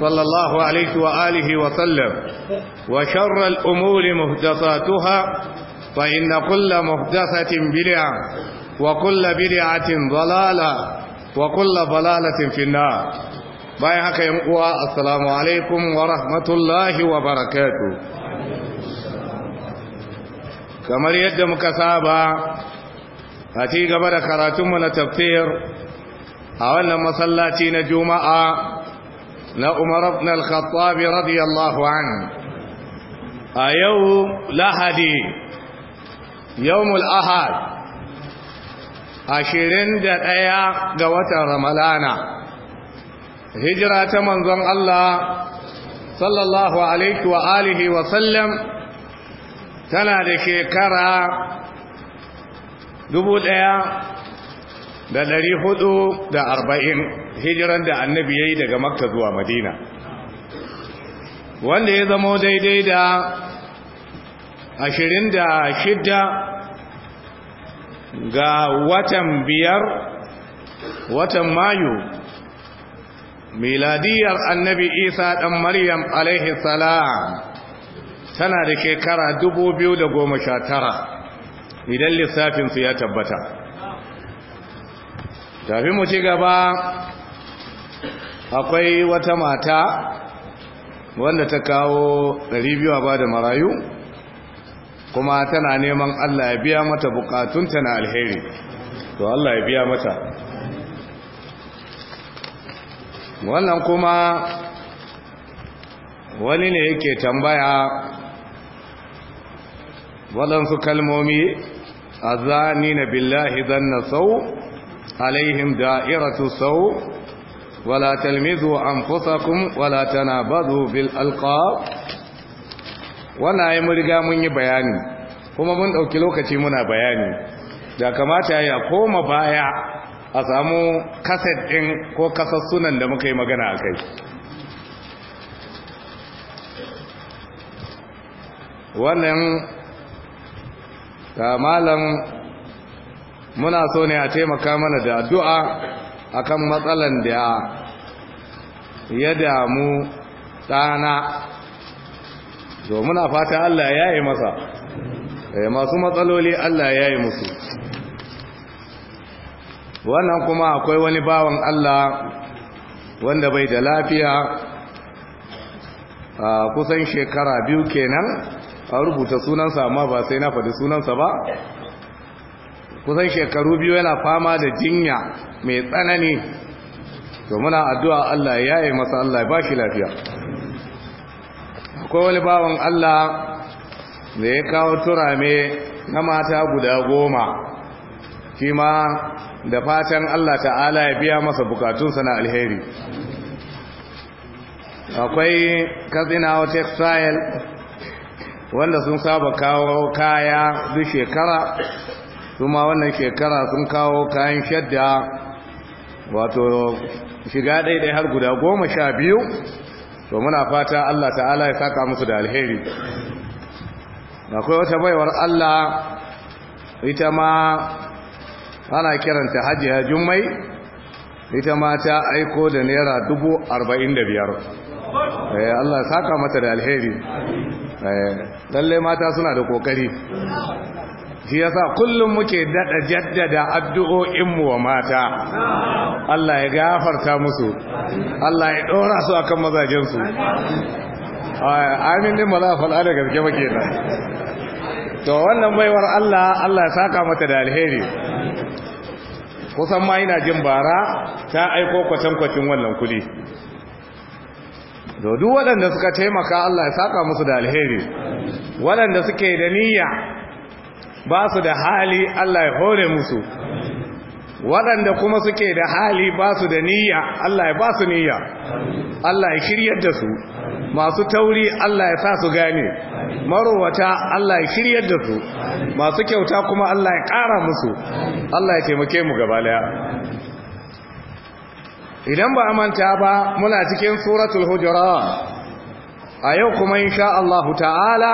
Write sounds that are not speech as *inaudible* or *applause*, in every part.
صلى الله عليه وآله وسلم وشر الأمور مهدساتها فإن كل مهدسة بلع وكل بلعة ضلالة وكل ضلالة في النار باي حكا يمقوا السلام عليكم ورحمة الله وبركاته كما يد مكسابة أتي قبل كراتم من التفسير أولا مصلاتي نجوم آه na umar ibn al radiyallahu an a yau lahadi yawmul ahad ashirin da ɗaya ga watan Ramadana, hijira ta manzon Allah sallallahu alaihi wa wa sallam tana da shekara dubu ɗaya da ɗari hudu da arba'in hijiran da annabi ya yi daga makka zuwa madina wanda ya zamo daidai da ashirin da shidda ga watan biyar watan mayu miladiyar annabi isa ɗan maryam alaihi salam tana da shekara dubu biyu da goma sha tara idan lissafinsu ya tabbata tafi mu ci gaba akwai wata mata wanda ta kawo 200 a bada marayu kuma tana neman Allah ya biya mata bukatunta na alheri to Allah ya biya mata wannan kuma wani ne yake tambaya waɗansu kalmomi a zani na billahi zan na sau alaihim da'iratu sau wala talmizu anfusakum wala tanabazu bil alqab wannan ai mun riga mun yi bayani kuma mun ɗauki lokaci muna bayani da kamata ya koma baya a samu kaset ɗin ko kasassunan da muka yi magana akai wannan malam muna so ne a taimaka mana da addu'a kan matsalan da ya damu ɗana to muna fata Allah ya yi masa eh, masu matsaloli Allah ya yi musu wannan kuma akwai wani bawan Allah wanda bai da lafiya a kusan shekara biyu kenan a rubuta sunansa amma ba sai na faɗi sunansa ba kusan shekaru biyu yana fama da jinya mai tsanani to muna addu'a Allah ya yi masa Allah ya bashi lafiya akwai wani bawan Allah da ya kawo turame na mata guda goma shi ma da fatan Allah ta'ala ya biya masa bukatunsa na alheri akwai katsina textile wanda sun saba kawo kaya duk shekara su ma wannan shekara sun kawo kayan shadda wato shiga ɗaiɗai har guda goma sha biyu to muna fata Allah ta'ala ya saka musu da alheri akwai wata baiwar Allah ita ma ana kiranta hajji hajiya jummai ita ma ta aiko da naira dubu arba'in da biyar eh, Allah saka mata da alheri eh, lallai mata suna da ƙoƙari. shi yasa kullum muke dada jaddada addu'o'inmu wa mata Allah ya gafarta musu Allah ya dora su akan mazajensu amin din maza fal'a da gaske muke nan to wannan baiwar Allah Allah ya saka mata da alheri kusan ma ina jin bara ta aiko kwatankwacin wannan kuli duk waɗanda suka taimaka Allah ya saka musu da alheri waɗanda suke da niyya ba su da hali Allah ya hore musu waɗanda kuma suke da hali ba su da niyya Allah ya ba su niyya Allah ya shiryar da su masu tauri Allah ya sa su gane marowata Allah ya shiryar da su masu kyauta kuma Allah ya ƙara musu Allah ya taimake mu gaba daya idan ba a manta ba muna cikin suratul hujurat a yau kuma insha Allah ta'ala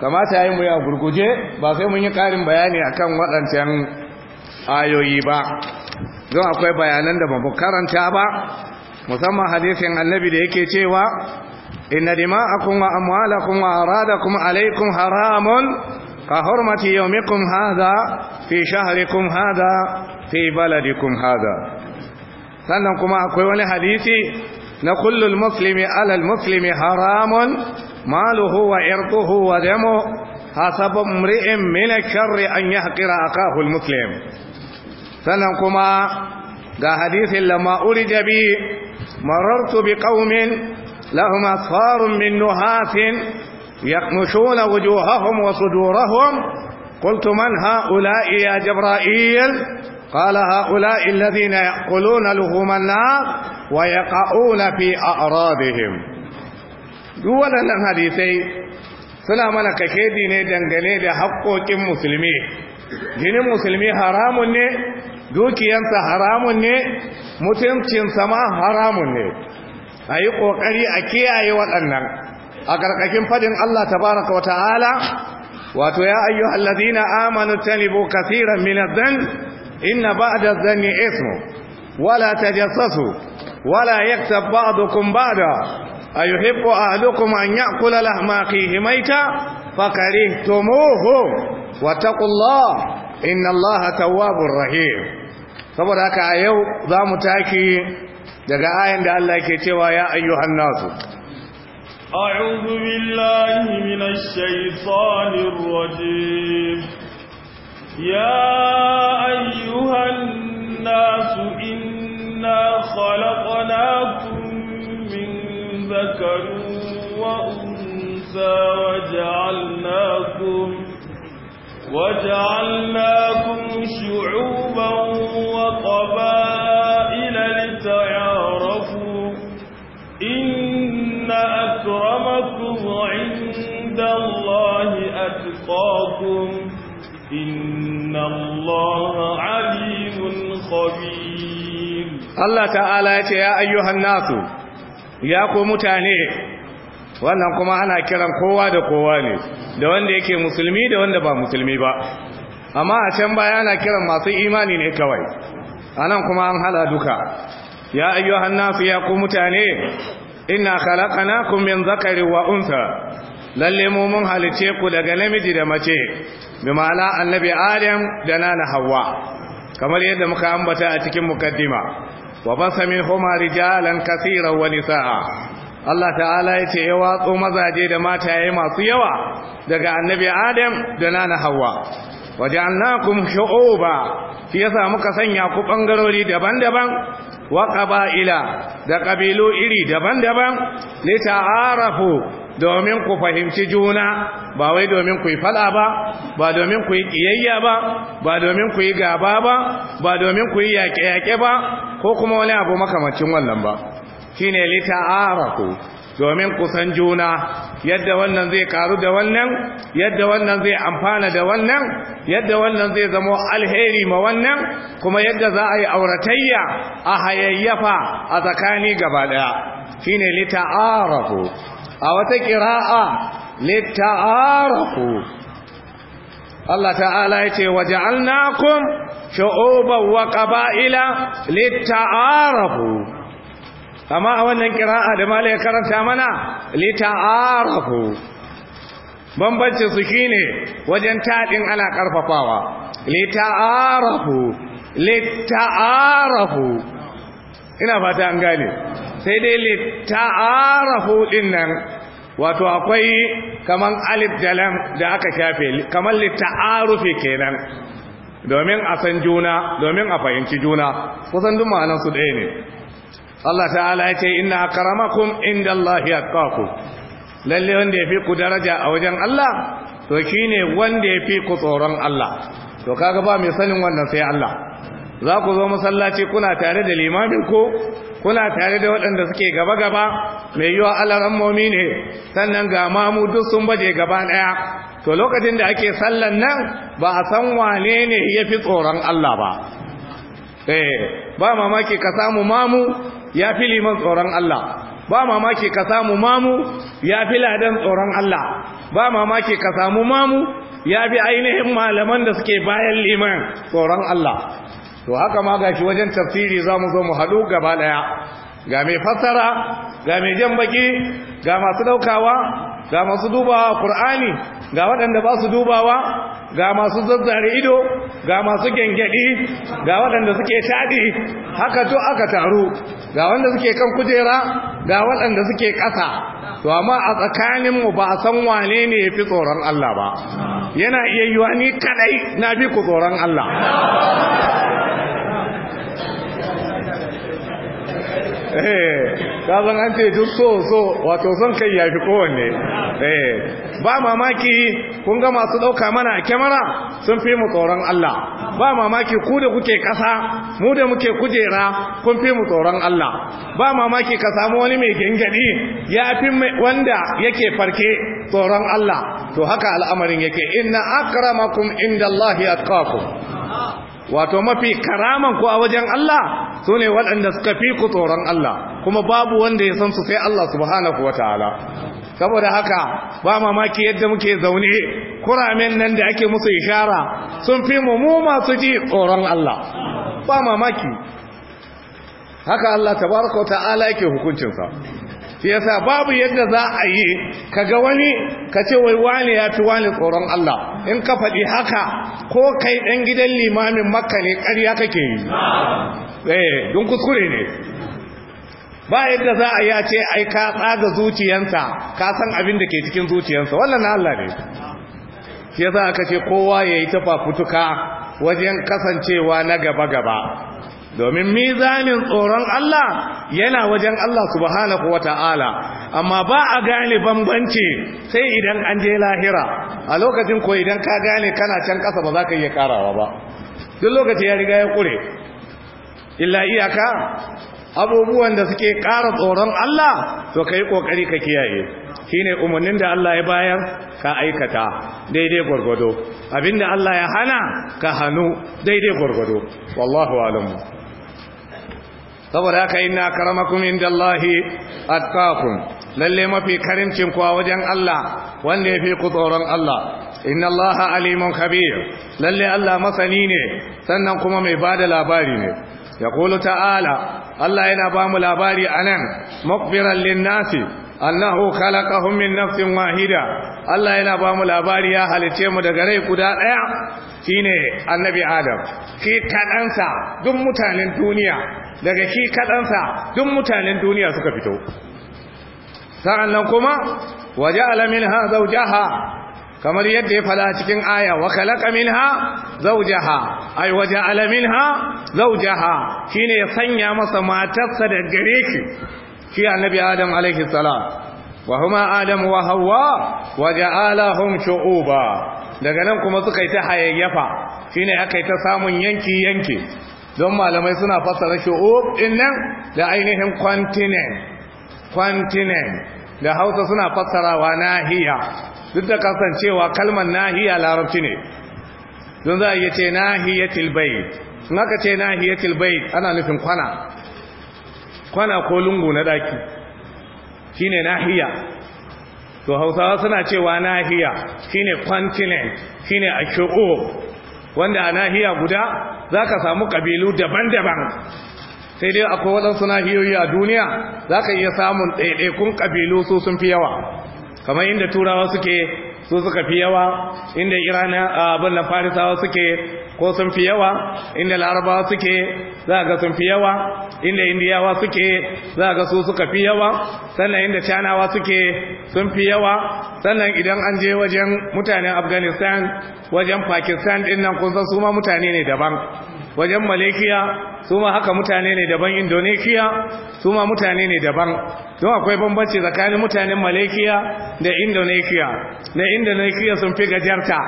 kamata ya yi mu ya gurguje ba sai mun yi ƙarin bayani akan waɗancan ayoyi ba don akwai bayanan da babu karanta ba musamman hadisin annabi da yake cewa inna dima'akum wa amwalakum wa aradakum alaykum haramun ka hurmati yawmikum hadha fi shahrikum hadha fi baladikum hadha sannan kuma akwai wani hadisi na kullul muslimi alal muslimi haramun ماله وعرضه ودمه حسب امرئ من الشر أن يحقر أخاه المسلم سننكما قا حديث لما ارد بي مررت بقوم لهم أصفار من نهاس يقمشون وجوههم وصدورهم قلت من هؤلاء يا جبرائيل قال هؤلاء الذين يأكلون لحوم النار ويقعون في أعراضهم duk waɗannan hadisai suna mana kakedi ne dangane da haƙoƙin musulmi jinin musulmi haramun ne dukiyansa haramun ne mutuncinsa ma haramun ne a yi ƙoƙari a kiyaye waɗannan a ƙarƙashin faɗin Allah tabaraka wa ta'ala wato ya ayyu allazina amanu tanibu kaseeran min adh inna ba'da adh-dhanni ismu wala tajassasu wala yaktab ba'dukum ba'da a yi hippo a an ya kula lahmaki himaita fakari tomoho wataƙullah inna tawwabur rahim saboda haka a yau za mu taki daga ayan da Allah ke cewa ya ayyuhan nasu a'udhu billahi minash shaitanir rajim ya ayyuhan nasu inna khalaqnakum ذكر وأنثى وجعلناكم وجعلناكم شعوبا وقبائل لتعارفوا إن أكرمكم عند الله أتقاكم إن الله عليم خبير الله تعالى يا أيها الناس ya ko mutane wannan kuma ana kiran kowa da kowa ne da wanda yake musulmi da wanda ba musulmi ba amma a can baya ana kiran masu imani ne kawai anan kuma an hala duka ya ayyuhan nasu ya ku mutane inna khalaqnakum min dhakari wa unsa? lalle mu mun halice ku daga namiji da mace bi ma'ana annabi adam da nana Hauwa. kamar yadda muka ambata a cikin mukaddima wa basa minhuma rijalan kaseeran wa nisaa Allah ta'ala ya ce ya watso mazaje da mataye masu yawa daga annabi Adam da nana Hawwa waja'alnakum shu'uba shi yasa muka sanya ku ɓangarori daban-daban wa qaba'ila da ƙabilu iri daban-daban li domin ku fahimci juna ba wai domin ku yi fada ba ba domin ku yi kiyayya ba ba domin ku yi gaba ba ba domin ku yi yaƙe-yaƙe ba ko kuma wani abu makamacin wannan ba shine lita'araku domin ku san juna yadda wannan zai karu da wannan yadda wannan zai amfana da wannan yadda wannan zai zama alheri ma wannan kuma yadda za a yi auratayya a hayayyafa a tsakani gaba daya shine lita'araku a wata ƙira'a litta'arafu Allah ta'ala ya ce waje ja'alnakum shu'uban wa qaba'ila litta'arafu amma a wannan ƙira'a da malai karanta mana litta'arafu bambancin su shine wajen taɗin ana ƙarfafawa lita'arafu lita'arafu ina fata an gane sai dai litta'arafu din nan wato akwai kaman alif da da aka shafe kaman litta'arufi kenan domin a san juna domin a fahimci juna kusan duk ma'anar su ɗaya ne Allah ta'ala ya ce inna akramakum indallahi atqakum lalle wanda yafi ku daraja a wajen Allah to shine wanda yafi ku tsoron Allah to kaga ba mai sanin wannan sai Allah za ku zo masallaci kuna tare da limamin ko kuna tare da waɗanda suke gaba-gaba mai yiwa alaran momi ne sannan ga mamu duk sun baje gaba ɗaya to lokacin da ake sallan nan ba a san wane ne ya fi tsoron Allah ba eh ba mamaki ka samu mamu ya fi liman tsoron Allah ba mamaki ka samu mamu ya fi ladan tsoron Allah ba mamaki ka samu mamu ya fi ainihin malaman da suke bayan liman tsoron Allah to haka ma gashi wajen tafsiri za mu zo mu haɗu gaba ɗaya ga mai fassara ga mai jan baki ga masu ɗaukawa ga masu dubawa ƙur'ani ga waɗanda ba su dubawa ga masu zazzare ido ga masu gengedi ga waɗanda suke taɗi, haka to aka taru ga wanda suke kan kujera ga waɗanda suke ƙasa to amma a tsakaninmu ba a san wane ne ya fi tsoron Allah ba yana iya yiwa ni kadai na bi ku tsoron Allah Eh, ka zan an ce duk so so wato son kai ya fi kowanne eh, ba mamaki kun ga masu ɗauka mana a kyamara sun fi mu tsoron Allah ba mamaki ku da kuke ƙasa mu da muke kujera kun fi mu tsoron Allah ba mamaki ka samu wani mai gangadi ya fi wanda yake farke tsoron Allah to haka al'amarin yake inna akramakum ya atqakum wato mafi karaman ku a wajen Allah su ne waɗanda suka fi ku tsoron Allah kuma babu wanda ya san su sai Allah subhanahu wa ta'ala saboda haka ba mamaki yadda muke zaune kuramen nan da ake musu ishara sun fi mu mu masu ji tsoron Allah ba mamaki haka Allah tabaraka wa ta'ala yake hukuncinsa shi yasa babu yadda za a yi ga wani ka ce wai wani ya fi wani tsoron Allah in ka faɗi haka ko kai ɗan gidan limamin makka ne ƙarya kake yi ɗaya eh, don kuskure ne ba yadda za a yi a ce ai ka tsaga zuciyansa ka san abin da ke cikin zuciyansa wannan Allah ne shi aka ce kowa ya yayi tafafutuka wajen kasancewa na gaba gaba domin mizanin tsoron Allah yana wajen Allah subhanahu wata'ala amma ba a gane bambanci sai idan an je lahira a lokacin ko idan ka gane kana can kasa ba za ka iya karawa ba duk lokaci ya riga ya kure illa iyaka abubuwan da suke ƙara tsoron Allah to kai kokari ka kiyaye shine umarnin da Allah ya bayar ka aikata daidai gurgudo abinda Allah ya hana ka hanu daidai gwargwado. wallahu alamu saboda haka inna karamakum indallahi atqakum lalle mafi karimcin ku wajen Allah wanda yafi ku tsoron Allah inna alimun khabir lalle Allah masani ne sannan kuma mai bada labari ne yaqulu ta'ala Allah yana ba mu labari anan mukbiran lin-nasi annahu khalaqahum min nafsin wahida Allah yana ba mu labari ya halice mu daga rai guda daya shine annabi adam ki kadansa duk mutanen duniya daga ki kadansa duk mutanen duniya suka fito sa'annan kuma waja'ala minha zawjaha kamar yadda ya fada cikin aya wa khalaqa minha zawjaha ay waja'ala minha zawjaha shine ya sanya masa matarsa da gare shi annabi adam alaihi salam wa huma adam wa hawa wa ja'alahum shu'uba daga nan kuma suka yi ta hayayyafa shine aka yi ta samun yanki yanki don malamai suna fassara shu'ub din nan da ainihin continent continent da Hausa suna fassarawa nahiya duk da kasancewa kalmar nahiya larabci ne don za a iya ce nahiyatul bait in aka ce nahiyatul bait ana nufin kwana kwana ko lungu na daki shine nahiya to hausawa suna cewa nahiya shine continent shine ashur wanda a nahiya guda zaka samu kabilu daban-daban sai dai akwai waɗansu nahiyoyi a duniya za ka iya samun ɗaiɗaikun kabilu su sun fi yawa kamar inda turawa suke su suka fi yawa inda iran abin da farisawa suke ko sun fi yawa inda larabawa suke za ga sun fi yawa inda indiyawa suke za ga su suka fi yawa sannan inda canawa suke sun fi yawa sannan idan an je wajen mutanen afghanistan wajen pakistan din nan kun san su ma mutane ne daban wajen malaysia su ma haka mutane ne daban indonesia su ma mutane ne daban don akwai bambanci tsakanin mutanen malekiya da indonesia na indonesia sun fi gajarta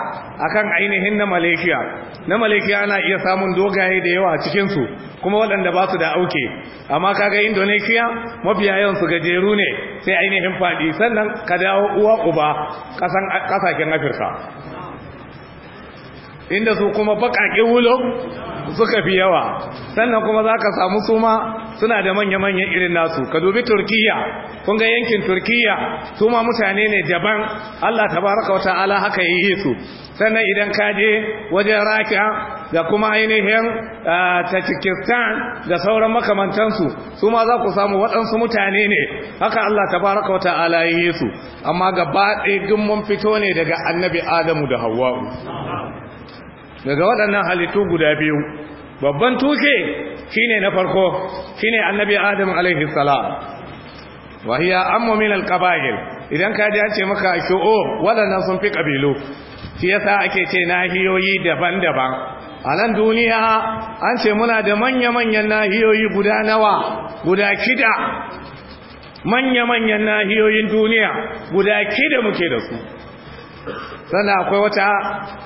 akan ainihin na malekiya na malekiya ana iya samun dogaye da yawa a cikinsu kuma waɗanda ba su da auke amma kaga indonesia mafiya yawan su gajeru ne sai ainihin faɗi sannan ka dawo uwa uba ƙasashen afirka inda su kuma baƙaƙe wulo suka fi yawa sannan kuma za ka samu suma suna da manya-manyan irin nasu ka dubi turkiya kun ga yankin Turkiyya suma mutane ne daban allah tabaraka wata'ala haka yi su sannan idan kaje wajen rakiya da kuma ainihin tajikistan da sauran makamantansu su ma za ku samu waɗansu mutane ne haka allah tabaraka ala yi su amma gaba ɗaya mun fito ne daga annabi adamu da hawa'u daga waɗannan halittu guda biyu babban tushe shine na farko shine annabi adam alaihi salam wa hiya min idan ka dace ce maka shu'ub waɗannan sun fi kabilu shi sa ake ce nahiyoyi daban-daban a nan duniya an ce muna da manya-manyan nahiyoyi guda nawa guda kida manya-manyan nahiyoyin duniya guda kida muke da su sannan akwai wata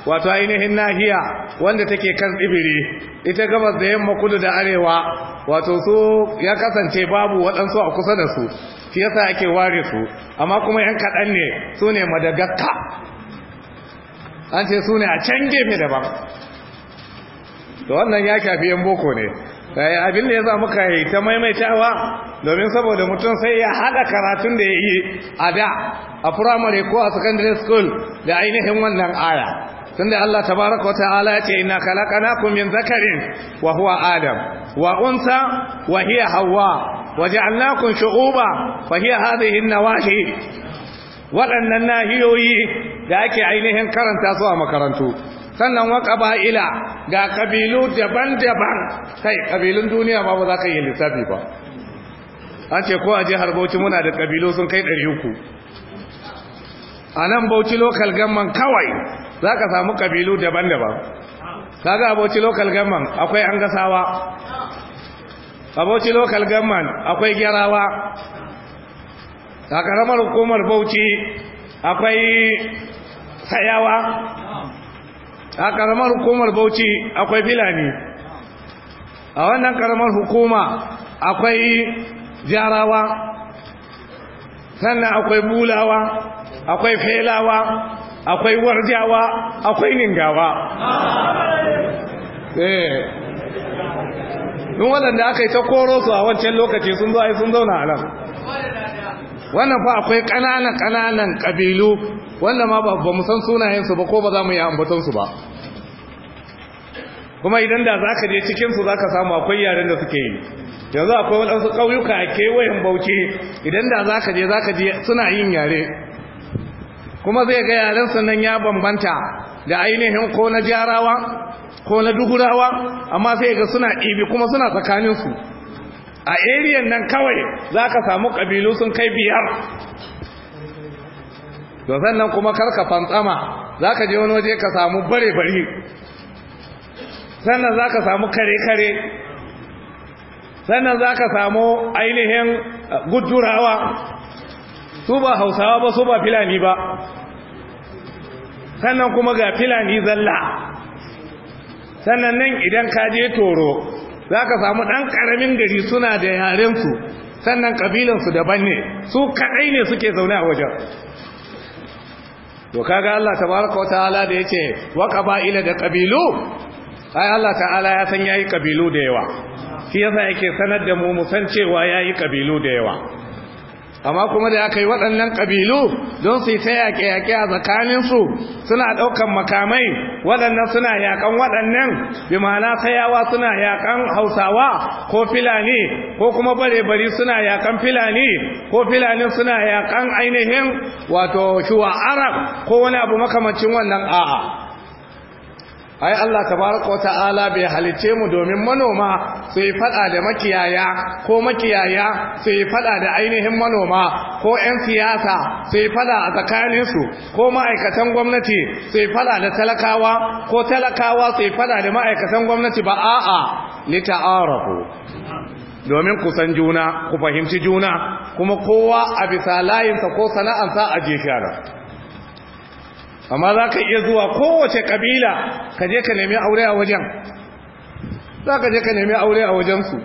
wato ainihin nahiya wanda take kan tsibiri ita gabas da yamma kudu da arewa wato su ya kasance babu waɗansu a kusa da su shi yasa ake ware su amma kuma yan kaɗan ne su ne madagaska an ce su ne a can gefe daban da wannan ya shafi yan boko ne Eh, abin da ya zama muka yi ta maimaitawa domin saboda mutum sai ya haɗa karatun da ya yi a da a firamare ko a secondary school da ainihin wannan aya tunda Allah tabaraka wata'ala ya ce ina na min zakarin wa huwa adam wa unsa wa hiya hawa wa ja'alnakum shu'uba fa hiya hadhihi an-nawahi waɗannan nahiyoyi da ake ainihin karanta su a makarantu sannan wa ila ga ƙabilu daban-daban kai ƙabilun duniya ba ba za ka yi lissafi ba an ce ko a jihar Bauchi muna da kabilu sun kai 300 a nan Bauchi local gamman kawai za ka samu ƙabilu daban-daban ga abauci local gamman akwai an gasawa bauchi local gamman akwai gyarawa a ƙaramar hukumar bauchi akwai sayawa a ƙaramar hukumar bauchi akwai filani a wannan karamar hukuma akwai jarawa sannan akwai bulawa akwai felawa akwai warjawa akwai ningawa ɗin eh. waɗanda aka yi ta koro su a wancan lokaci sun zo sun zauna a nan wannan fa akwai ƙananan kananan kabilu wanda ma ba mu san sunayensu ba ko ba za mu yi ambatonsu ba kuma idan da za ka je cikinsu za ka samu akwai yaren da suke yi yanzu akwai waɗansu ƙauyuka a kewayen bauchi idan da za ka je za ka je suna yin yare kuma zai ga yaren nan ya bambanta da ainihin ko na jarawa ko na dugurawa amma sai ga suna ibi kuma suna tsakaninsu a eriyan nan kawai za ka samu ƙabilu sun kai biyar da sannan kuma karka fantsama za ka je wani waje ka samu bare-bare sannan za ka samu kare-kare sannan za ka samu ainihin eh, gudurawa su ba hausawa ba su ba filani ba sannan kuma ga filani zalla sannan nan idan ka je toro za ka samu ɗan ƙaramin gari suna da yarensu sannan ƙabilansu daban ne su kaɗai ne suke zaune a wajen to kaga Allah tabaraka wataala da ya yace wa ila da ƙabilu? ai Allah ta'ala ya san yayi ƙabilu da yawa shi yasa yake sanar da mu musan san cewa yayi ƙabilu da yawa amma kuma da aka yi waɗannan ƙabilu don su yi ta yaƙe-yaƙe a tsakaninsu suna ɗaukan makamai waɗannan suna yaƙan waɗannan bi ma'ana sayawa suna yaƙan hausawa ko filani ko kuma bare-bari suna yaƙan filani ko filani suna yaƙan ainihin wato shuwa arab ko wani abu makamancin wannan a'a ai Allah tabaraka wa ta'ala bai halice mu domin manoma su yi fada da makiyaya ko makiyaya su yi fada da ainihin manoma ko ƴan siyasa su yi fada a tsakanin su ko ma'aikatan gwamnati su yi fada da talakawa ko talakawa su yi fada da ma'aikatan gwamnati ba a'a li ta'arafu domin ku san juna ku fahimci juna kuma kowa a bisa layinsa ko sana'ansa a jefiyar amma za ka iya zuwa kowace kabila ka je ka nemi aure a wajen za ka je ka nemi aure a wajensu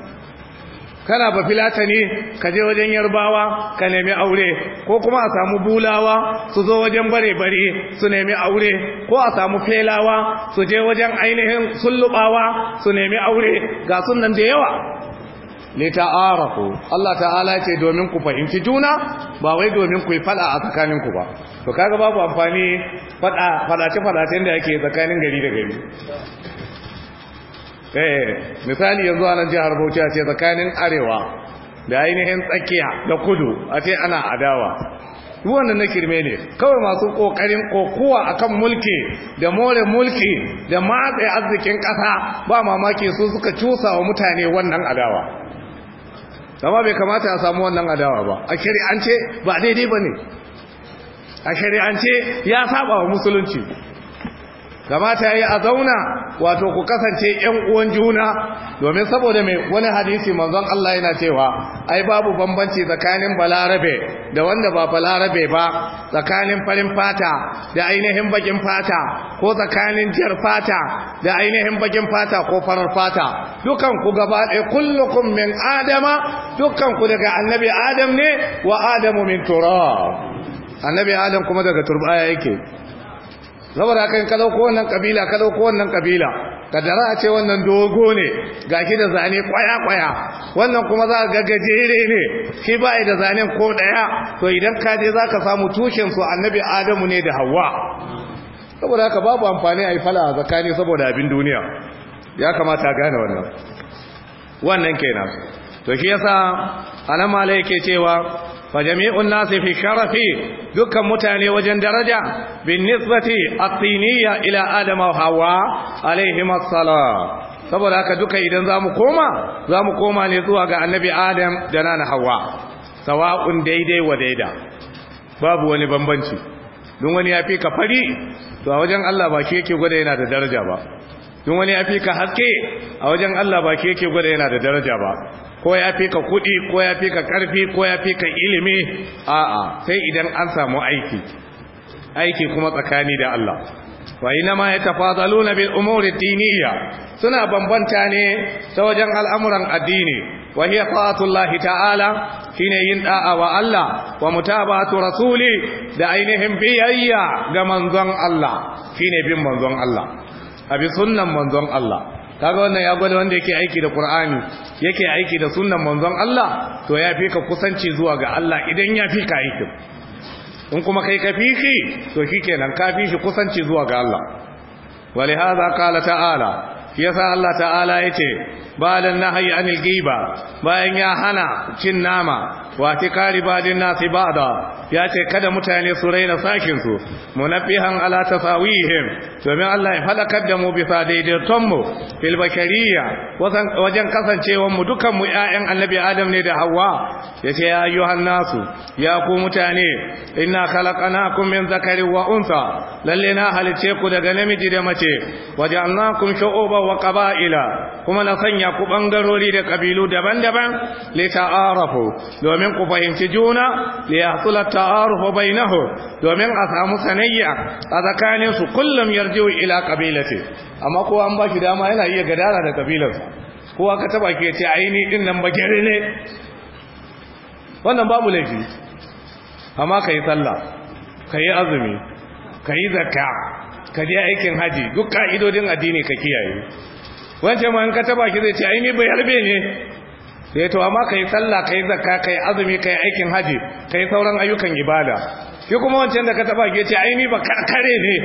kana ba filata ne ka je wajen yarbawa ka nemi aure ko kuma a samu bulawa su zo wajen bare-bare su nemi aure ko a samu felawa su je wajen ainihin sullubawa su nemi aure ga sunan da yawa ta'arafu Allah ta'ala ce domin ku fahimci juna ba wai domin ku yi fada a tsakaninku ba to kaga babu amfani fada fadace fadace da yake tsakanin gari da gari eh misali yanzu a nan jihar Bauchi a ce tsakanin arewa da ainihin tsakiya da kudu a ce ana adawa wannan na kirme ne kawai masu kokarin kokuwa akan mulki da more mulki da matsayi arzikin kasa ba mamaki su suka cusa wa mutane wannan adawa amma bai kamata a samu wannan adawa ba a shari'ance ba daidai ba ne a shari'ance ya saba wa musulunci kamata yi a zauna wato ku kasance ƴan uwan juna domin saboda mai wani hadisi manzon Allah yana cewa ai babu bambanci tsakanin balarabe da wanda ba balarabe ba tsakanin farin fata da ainihin bakin fata ko tsakanin jar fata da ainihin bakin fata ko farar fata dukan ku gaba ɗaya kullukum min adama dukan ku daga annabi adam ne wa adamu min turab annabi adam kuma daga turba yake zabara kan ka dauko wannan kabila ka dauko wannan kabila kadara a ce wannan dogo ne gashi da zane kwaya kwaya wannan kuma za ga gajere ne shi ba da zanen ko daya to idan ka je zaka samu tushen su annabi adamu ne da hawa saboda haka babu amfani a yi fala zakani saboda abin duniya ya kamata gane wannan wannan kenan to shi yasa alama yake cewa fa jami'un nasi fi sharafi dukkan mutane wajen daraja bin nisbati at-tiniyya ila adam wa hawa alaihim assalam saboda haka duka idan za mu koma za mu koma ne zuwa ga annabi adam da nana hawa sawa'un daidai wa daida babu wani bambanci don wani ya fi ka fari to a wajen Allah ba ke ke gwada yana da daraja ba don wani ya fi ka haske a wajen Allah ba ke ke gwada yana da daraja ba ko ya fi ka kuɗi ko ya fi ka ƙarfi ko ya fi ka ilimi a'a sai idan an samu aiki aiki kuma tsakani da Allah wa ina ma yatafadaluna bil umuri diniya? suna bambanta ne ta wajen al'amuran addini wa hiya ta'atullahi ta'ala shine yin da'a wa Allah wa mutaba'atu rasuli da ainihin biyayya ga manzon Allah shine bin manzon Allah abi sunnan manzon Allah kaga wannan ya gwada wanda yake aiki da Qur'ani yake aiki da sunnan manzon Allah to ya fi ka kusanci zuwa ga Allah idan ya fi ka aikin in kuma kai ka fi shi to shikenan ka fi shi kusanci zuwa ga Allah haza kala ta'ala yasa Allah ta'ala yace balan nahyi anil ghiba bayan ya hana cin nama wa kari badin nasi ba'da ya ce kada mutane su raina sakin su munafihan ala tasawihim domin Allah ya halakar da mu bisa daidaiton mu fil bakariya wajen kasancewan mu dukan mu ƴaƴan annabi Adam ne da Hawwa ce ya ayyuhan nasu ya ku mutane inna khalaqnakum min zakarin wa unsa lalle na halice ku daga namiji da mace waja'alnakum shu'uban wa qaba'ila kuma na sanya ku bangarori da kabilu daban-daban li ta'arafu domin domin ku fahimci juna li yahsula bai bainahu domin a samu sanayya a tsakanin su kullum yarjiu ila qabilati amma kowa an ba shi dama yana iya gadara da kabilar kowa ka taba ke ce aini din nan bagere ne wannan babu laifi amma kai sallah kai azumi kai zakka ka je aikin haji duk ka'idodin addini ka kiyaye wancan ma in ka taba ki zai ce aini bayarbe ne Sai eh, to amma kai sallah kai zakka kai azumi kai aikin haji kai sauran ayyukan ibada shi kuma wancan da ka taba ke ce ai ni ba karkare ne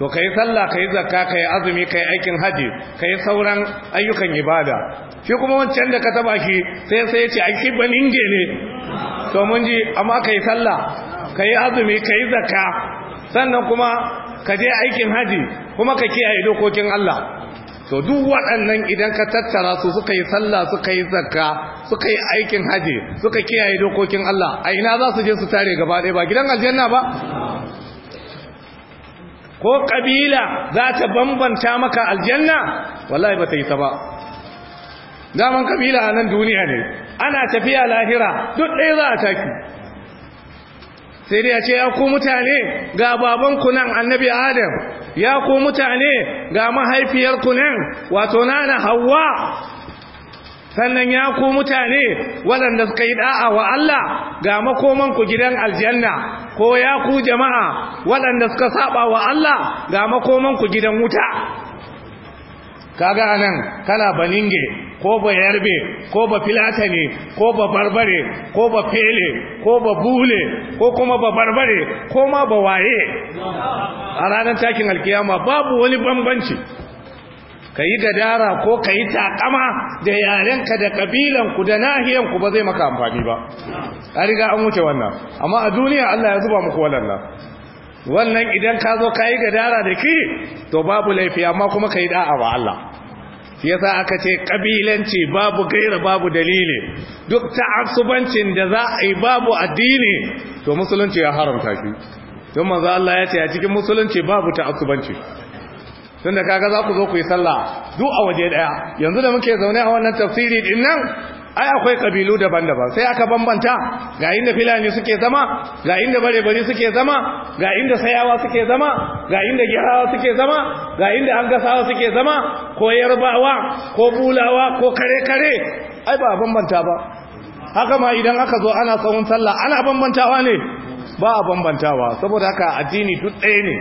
to kai sallah kai zakka kai azumi kai aikin haji kai sauran ayyukan ibada shi kuma wancan da ka taba ki sai sai ya ce ai ki baninge ne to mun ji amma kai sallah kai azumi kai zakka sannan kuma ka je aikin haji kuma ka kiyaye dokokin Allah to duk waɗannan idan ka tattara su suka yi sallah suka yi zakka suka yi aikin haji suka kiyaye dokokin Allah a ina za su je su tare gaba ɗaya ba gidan aljanna ba ko kabila za ta bambanta maka aljanna wallahi ba ta yi ta ba daman kabila a nan duniya ne ana tafiya lahira duk ɗaya za a taki sai dai a ce ya ku mutane ga babanku nan annabi adam ya ku mutane ga mahaifiyarku nan wato nana hawa sannan ya ku mutane waɗanda suka yi ɗa'a wa Allah ga makomanku gidan aljanna ko ya ku jama'a waɗanda suka saba wa Allah ga makomanku gidan wuta kaga anan kana baninge ko ba yarbe ko ba ne ko ba barbare ko ba fele ko ba bule ko kuma ba barbare ko ma ba waye a ranar takin alkiyama babu wani bambanci ka yi gadara ko ka yi takama da yarenka da kabilanku da nahiyanku ba zai maka amfani ba a riga an wuce wannan amma a duniya Allah ya zuba muku walannan wannan idan ka zo ka yi gadara da ki to babu laifi amma kuma ka yi da'a wa Allah yasa aka ce kabilanci babu gaira babu dalili duk ta'asubancin da za a yi babu addini to musulunci ya haramta shi don manzo Allah ya ce a cikin musulunci babu ta'assubanci tunda kaga za ku zo ku yi sallah duk a waje ɗaya, yanzu da muke zaune a wannan tafsiri dinnan. ai akwai kabilu daban-daban sai aka bambanta ga inda filani suke zama ga inda bare-bare suke zama ga inda sayawa suke zama ga inda girawa suke zama ga inda angasawa suke zama ko yarbawa ko bulawa ko kare-kare ai ba bambanta ba haka ma idan aka zo ana tsawon sallah ana bambantawa ne ba a bambantawa saboda haka addini duk ɗaya ne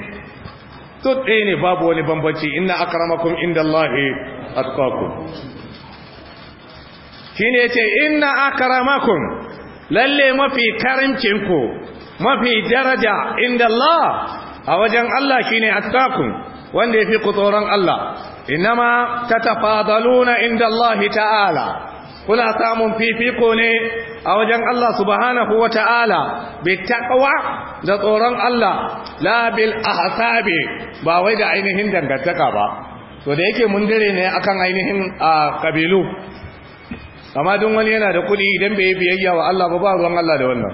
duk ɗaya ne babu wani bambanci inna akramakum indallahi atqakum shine yace inna akramakum lalle mafi karimcin ku mafi daraja inda Allah a wajen Allah shine attaqun wanda yafi ku tsoron Allah Ina inama tatafadaluna inda Allah ta'ala kuna samun fifiko ne a wajen Allah subhanahu wa ta'ala taqwa da tsoron Allah la bil ahsabi ba wai da ainihin dangantaka ba to da yake mun dare ne akan ainihin kabilu amma duk wani yana da kuɗi idan bai yi biyayya wa Allah ba ba ruwan Allah da wannan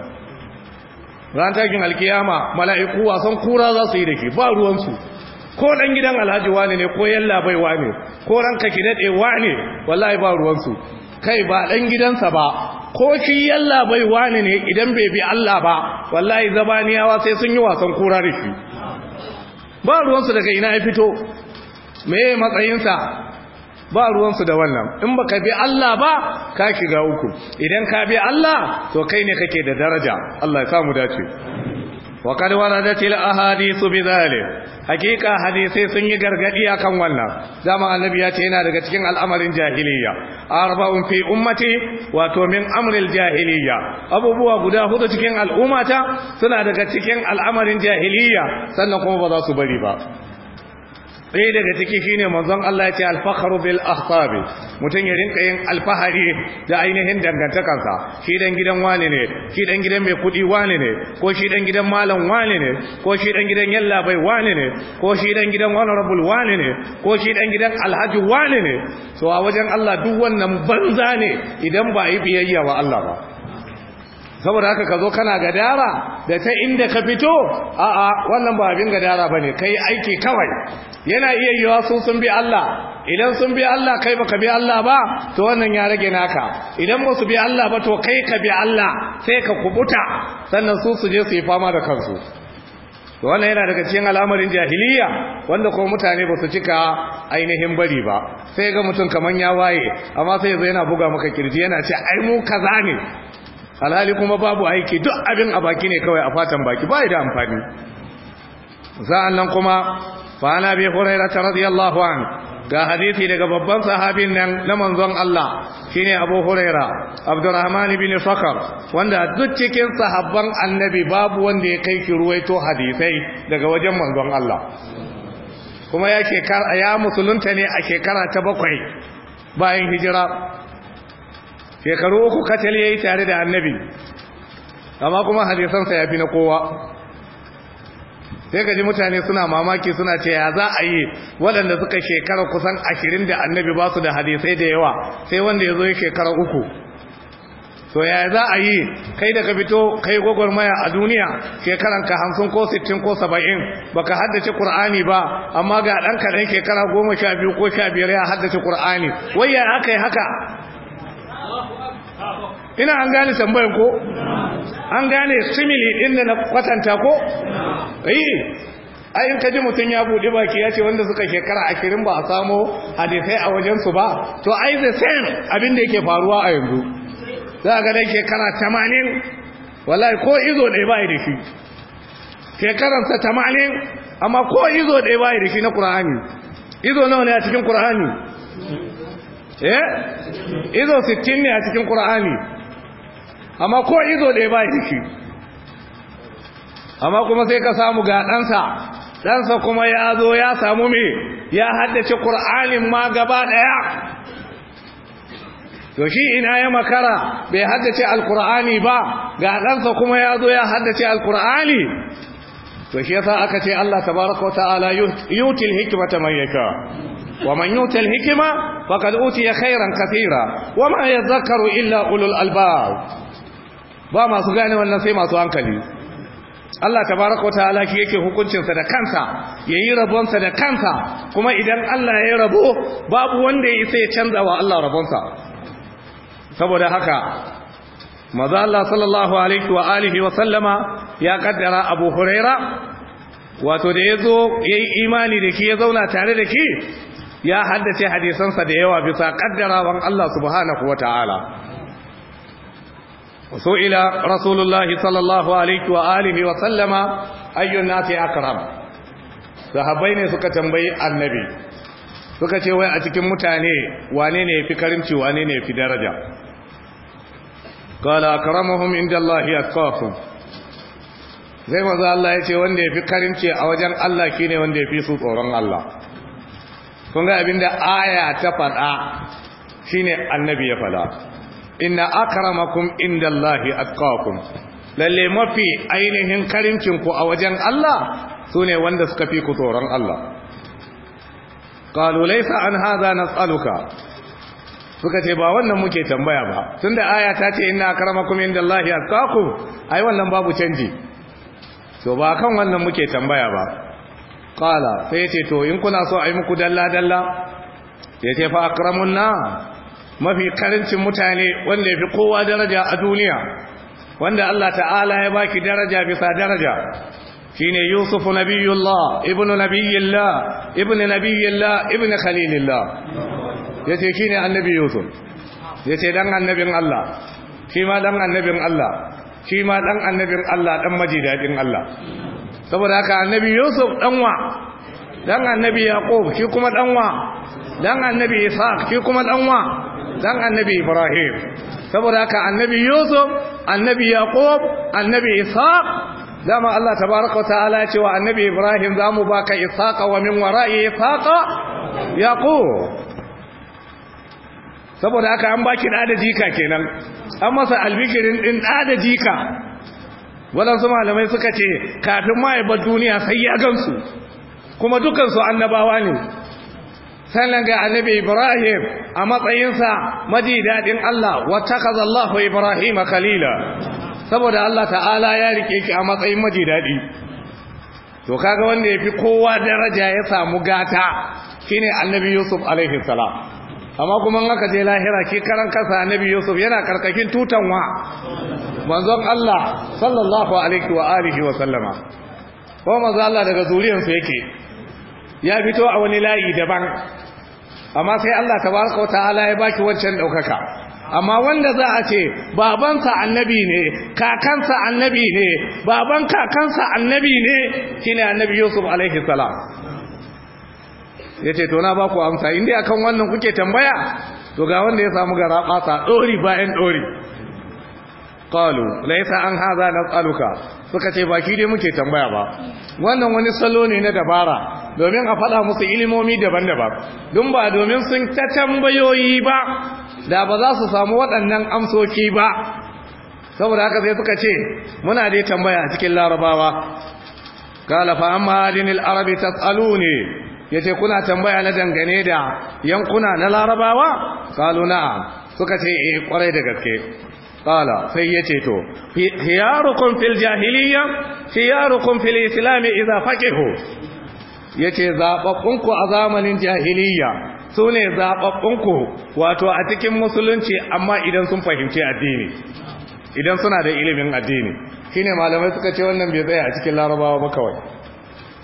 ran takin alkiyama mala'iku wasan kura za su yi da ke ba ruwansu ko ɗan gidan alhaji wane ne ko yalla bai wane ko ranka ki daɗe wane wallahi ba ruwansu kai ba ɗan gidansa ba ko shi yalla bai wane ne idan bai bi Allah ba wallahi zabaniyawa sai sun yi wasan kura da ba ruwansu daga ina ya fito me matsayinsa ba ruwansu da wannan in ba ka bi Allah ba ka shiga uku idan ka bi Allah to kai ne kake da daraja Allah ya samu dace wa kad waradati al ahadith bidhalik hakika hadisi sun yi gargadi akan wannan dama annabi ya ce yana daga cikin al'amarin jahiliya arba'un fi ummati wato min amril jahiliya abubuwa guda hudu cikin al'ummata suna daga cikin al'amarin jahiliya sannan kuma ba za su bari ba ɗaya daga ciki shine manzon Allah ya ce alfaharu bil ahsab mutum ya rinka yin alfahari da ainihin dangantakarsa shi dan gidan wani ne shi dan gidan mai kudi wani ne ko shi dan gidan malam wani ne ko shi dan gidan yalla bai wani ne ko shi dan gidan wani honorable wani ne ko shi dan gidan alhaji wani ne so a wajen Allah duk wannan banza ne idan ba yi biyayya wa Allah ba saboda haka ka zo kana gadara da ta inda ka fito a'a wannan ba abin gadara ba ne kai aiki kawai yana iya yiwa su sun bi Allah idan sun bi Allah kai ba ka bi Allah ba to wannan ya rage naka idan ba su bi Allah ba to kai ka bi Allah sai ka kubuta sannan su su je su yi fama da kansu wannan yana daga cikin al'amarin jahiliya wanda kuma mutane ba su cika ainihin bari ba sai ga mutum kaman ya waye amma sai zai yana buga maka kirji yana ce ai mu kaza ne alhali kuma babu aiki duk abin a baki ne kawai a fatan baki ba da amfani za'an nan kuma fa'ana na bi hurairata radiyallahu an ga hadisi daga babban sahabin nan na manzon Allah shine Abu Huraira Abdurrahman ibn Sakar wanda duk cikin sahabban annabi babu wanda ya kai ki ruwaito hadisai daga wajen manzon Allah kuma ya ya musulunta ne a shekara ta bakwai bayan hijira shekaru uku kacal ya yi tare da annabi amma kuma hadisansa ya fi na kowa sai gaji mutane suna mamaki suna ce ya za a yi waɗanda suka shekara kusan ashirin da annabi ba su da hadisai da yawa sai wanda ya zo ya shekara uku so ya za a yi kai da ka fito kai gwagwarmaya a duniya shekaran ka hamsin ko sittin ko saba'in ba ka haddace ƙur'ani ba amma ga ɗan kaɗan shekara goma sha biyu ko sha biyar ya haddace ƙur'ani wai ya aka yi haka ina an gane tambayar ko an gane simili inda da na kwatanta ko eh ai in kaji mutum ya buɗe baki ya ce wanda suka shekara ashirin ba a samo hadisai a wajensu ba to ai the same abin da yake faruwa a yanzu za a dai shekara tamanin wallahi ko izo ɗaya ba da shi shekaransa tamanin amma ko izo ɗaya ba da shi na ƙur'ani izo nawa ne a cikin ƙur'ani eh izo sittin ne a cikin Kur'ani, amma ko izo ɗaya ba shi amma kuma sai ka samu ga ɗansa ɗansa kuma ya zo ya samu mai ya haddace kur'ani ma gaba ɗaya to shi ina ya makara bai haddace Al-Kur'ani ba ga ɗansa kuma ya zo ya haddace Al-Kur'ani, to shi ya sa aka ce Allah tabaraka wa ta'ala yutil hikmata man yaka ومن يؤت الحكمة فقد أوتي خيرا كثيرا وما يذكر إلا أولو الألباب بما سغاني sai masu hankali. Allah tabaraka wa ta'ala shi yake hukuncinsa da kansa yayi rabonsa da kansa kuma idan Allah ya rabo babu wanda ya isa ya canza wa Allah rabonsa saboda haka manzo Allah sallallahu alaihi wa alihi wa sallama ya kaddara Abu Huraira wato da yazo yayi imani da ki ya zauna tare da ki ya haddace hadisansa da yawa bisa kaddarawan Allah subhanahu wa ta'ala ila rasulullahi sallallahu alaihi wa alihi wa sallama, ayyun الناس akram. sahabbai ne suka tambayi annabi suka ce wai a cikin mutane wane ne fi karimci wane ne fi daraja qala akramuhum inda Allah yatqahu Zai maza Allah ya ce wanda ya fi karimci a wajen Allah shine wanda ya fi su tsoron Allah kun ga abinda aya ta faɗa shine annabi ya faɗa inna akramakum indallahi atqakum lalle mafi ainihin karincin ku a wajen Allah sune wanda suka fi ku tsoron Allah qalu laysa an hadha nas'aluka suka ce ba wannan muke tambaya ba tunda aya ta ce inna akramakum indallahi atqakum ai wannan babu canji to ba kan wannan muke tambaya ba qala sai ce to in kuna so a yi muku dalla dalla ya ce fa akramun na mafi karancin mutane wanda ya fi kowa daraja a duniya wanda Allah ta'ala ya baki daraja bisa daraja ne Yusuf Ibn nabiyullah Ibn nabiyillah Ibn nabiyillah Ya ce yace ne annabi Yusuf Ya ce dan annabin Allah shi ma dan annabin Allah shi ma dan annabin Allah dan majidadin Allah saboda haka annabi yusuf ɗanwa dan annabi yaqub shi kuma ɗanwa dan annabi ishaq shi kuma ɗanwa dan annabi ibrahim saboda haka annabi yusuf annabi yaqub annabi ishaq dama Allah tabaraka ta'ala ce wa annabi Ibrahim za mu baka Isaqa wa min wara'i Isaqa Yaqub saboda haka an baki da da jika kenan an masa albikirin din da da jika waɗansu malamai suka ce kafin ma'aibar duniya sai ya gansu kuma dukansu annabawa ne sannan ga annabi ibrahim a matsayinsa maji daɗin allah wata kazallahu ibrahim a kalila saboda allah ta'ala ya rike ki a matsayin maji daɗi to kaga wanda ya fi kowa daraja ya samu gata shine annabi yusuf alaihi salam amma kuma aka je lahira ki karan kasa annabi yusuf yana karkashin tutan wa manzon Allah sallallahu alaihi wa alihi wa sallama ko manzon Allah daga su yake ya fito a wani layi daban amma sai Allah tabaraka ta'ala ya baki wancan daukaka amma wanda za a ce babansa annabi ne kakansa annabi ne baban kakansa annabi ne shine annabi Yusuf alaihi salam ya ce to na ba ku amsa inda akan wannan kuke tambaya to ga wanda ya samu gara ɗori bayan ɗori ƙalu laisa an haza na tsaluka suka ce baki dai muke tambaya ba wannan wani salo ne na dabara domin a faɗa musu ilimomi daban-daban don ba domin sun ta tambayoyi ba da ba za su samu waɗannan amsoki ba saboda haka sai suka ce muna dai tambaya cikin larabawa قال فأما ta العرب ne. Ya yace kuna tambaya na dangane da yankuna na larabawa kalu na suka ce eh kwarai da gaske kala sai ya ce to khiyarukum fil jahiliyya khiyarukum fil islam idza faqihu yace zababbunku a zamanin jahiliyya sune zababbunku wato a cikin musulunci amma idan sun fahimci addini idan suna da ilimin addini shine malamai suka ce wannan bai tsaya a cikin larabawa ba kawai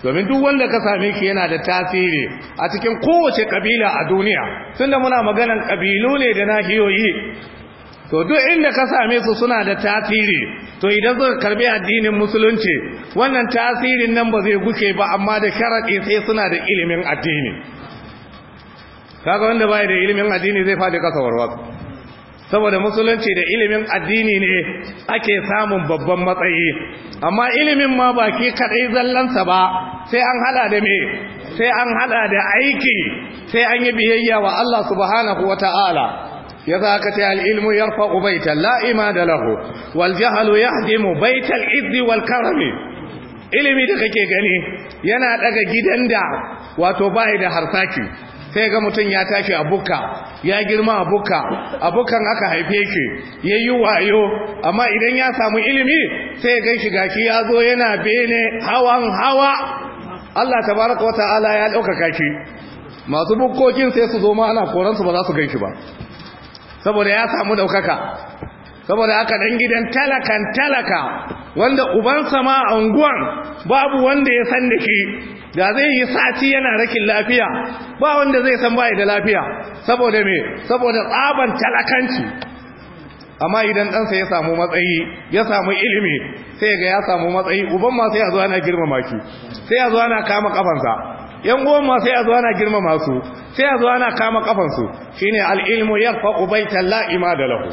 domin duk wanda ka same shi yana da tasiri a cikin kowace kabila a duniya tunda muna maganan kabilu ne da nahiyoyi to duk inda ka same su suna da tasiri to idan suka karbi addinin musulunci wannan tasirin nan ba zai guke ba amma da sharaɗi sai suna da ilimin addini kaga wanda bai da ilimin addini zai faɗi kasa warwatsu saboda musulunci da ilimin addini ne ake samun babban matsayi amma ilimin ma baki kaɗai zallansa ba sai an hada da me sai an hada da aiki sai an yi biyayya wa Allah subhanahu wataala يذاك العلم يرفع بيتا لا إماد له والجهل يهدم بيت العز والكرم ilimi da kake gani yana daga gidan da wato bai da harsaki. sai ga mutum ya tashi a bukka, ya girma a abukan a bukkan aka haife shi ya yi wayo amma idan ya samu ilimi sai ga shi gashi ya zo yana bene hawan hawa Allah ta tabaraka wa ta'ala ya ɗaukaka shi masu bukkokin sai su zo ma ana koransu ba za su gan shi ba saboda ya samu ɗaukaka saboda aka dan gidan talakan talaka wanda ubansa ma a unguwan babu wanda ya san da shi da zai yi sati yana rakin lafiya ba wanda zai san bai da lafiya saboda me saboda tsaban talakanci amma idan ɗansa ya samu matsayi ya samu ilimi sai ga ya samu matsayi uban ma sai a zo ana girmama shi sai a zo ana kama kafansa yan uwan ma sai a zo ana girmama su sai a zo ana kama kafansu shine al-ilmu yarfa'u baitan la'ima da lahu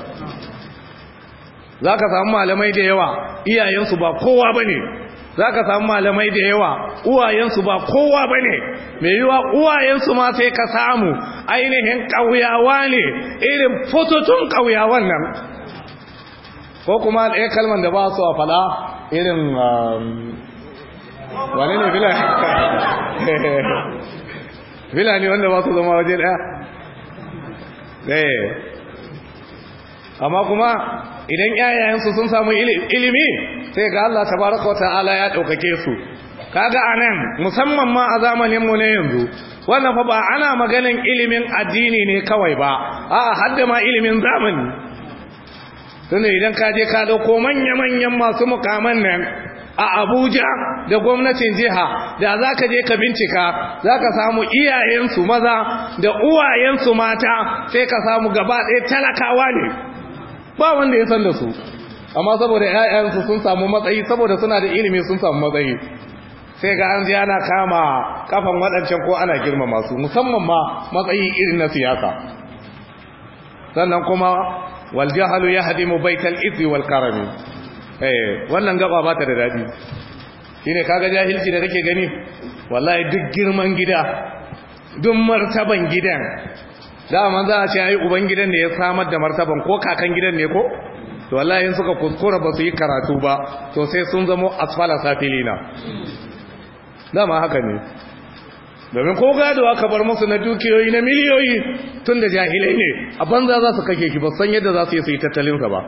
za ka samu malamai da yawa iyayensu ba kowa ba ne za ka samu malamai da yawa uwayensu ba kowa ba ne mai yiwa uwayensu ma sai ka samu ainihin ƙauyawa ne irin fototun ƙauyawan nan ko kuma ɗaya kalman da ba su a faɗa irin um, wane ne bila bila *laughs* ne wanda ba su zama waje ɗaya eh. amma kuma idan yayayensu sun samu ilimi sai ga Allah tabaraka wa ta'ala ya daukake su kaga anan musamman ma a zamanin mu ne yanzu wannan fa ba ana maganin ilimin addini ne kawai ba a'a har ma ilimin zamani tunda idan ka je ka dauko manya manyan masu mukaman nan a Abuja da gwamnatin jiha da zaka je ka bincika zaka samu iyayensu maza da uwayensu mata sai ka samu gaba ɗaya talakawa ne ba wanda ya san da su amma saboda ƴaƴansu sun samu matsayi saboda suna da ilimi sun samu matsayi sai ga an ji ana kama kafan waɗancan ko ana girmama su musamman ma matsayi irin na siyasa sannan kuma wal jahalu yahdimu baital izzi wal karam eh wannan gaba ba ta da dadi shine kaga jahilci da kake gani wallahi duk girman gida duk martaban gidan dama za a ce ai uban gidan ne ya samar da martaban ko kakan gidan ne ko to wallahi in suka kuskura ba su yi karatu ba to sai sun zamo asfala safilina dama haka ne domin ko gado aka bar musu na dukiyoyi na miliyoyi tun da jahilai ne a banza za su kake ki ba san yadda za su yi su yi tattalinsa ba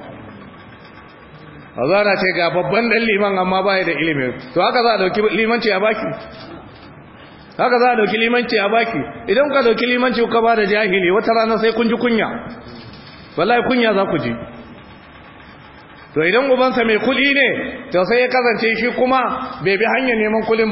a zara ce ga babban dan liman amma baya da ilimin to haka za a dauki limanci a baki haka za a dauki limanci a baki idan ka dauki limanci ka ba da jahili wata rana sai kun ji kunya wallahi kunya za ku ji to idan ubansa mai kuɗi ne to sai ya kasance shi kuma bai bi hanyar neman kuɗin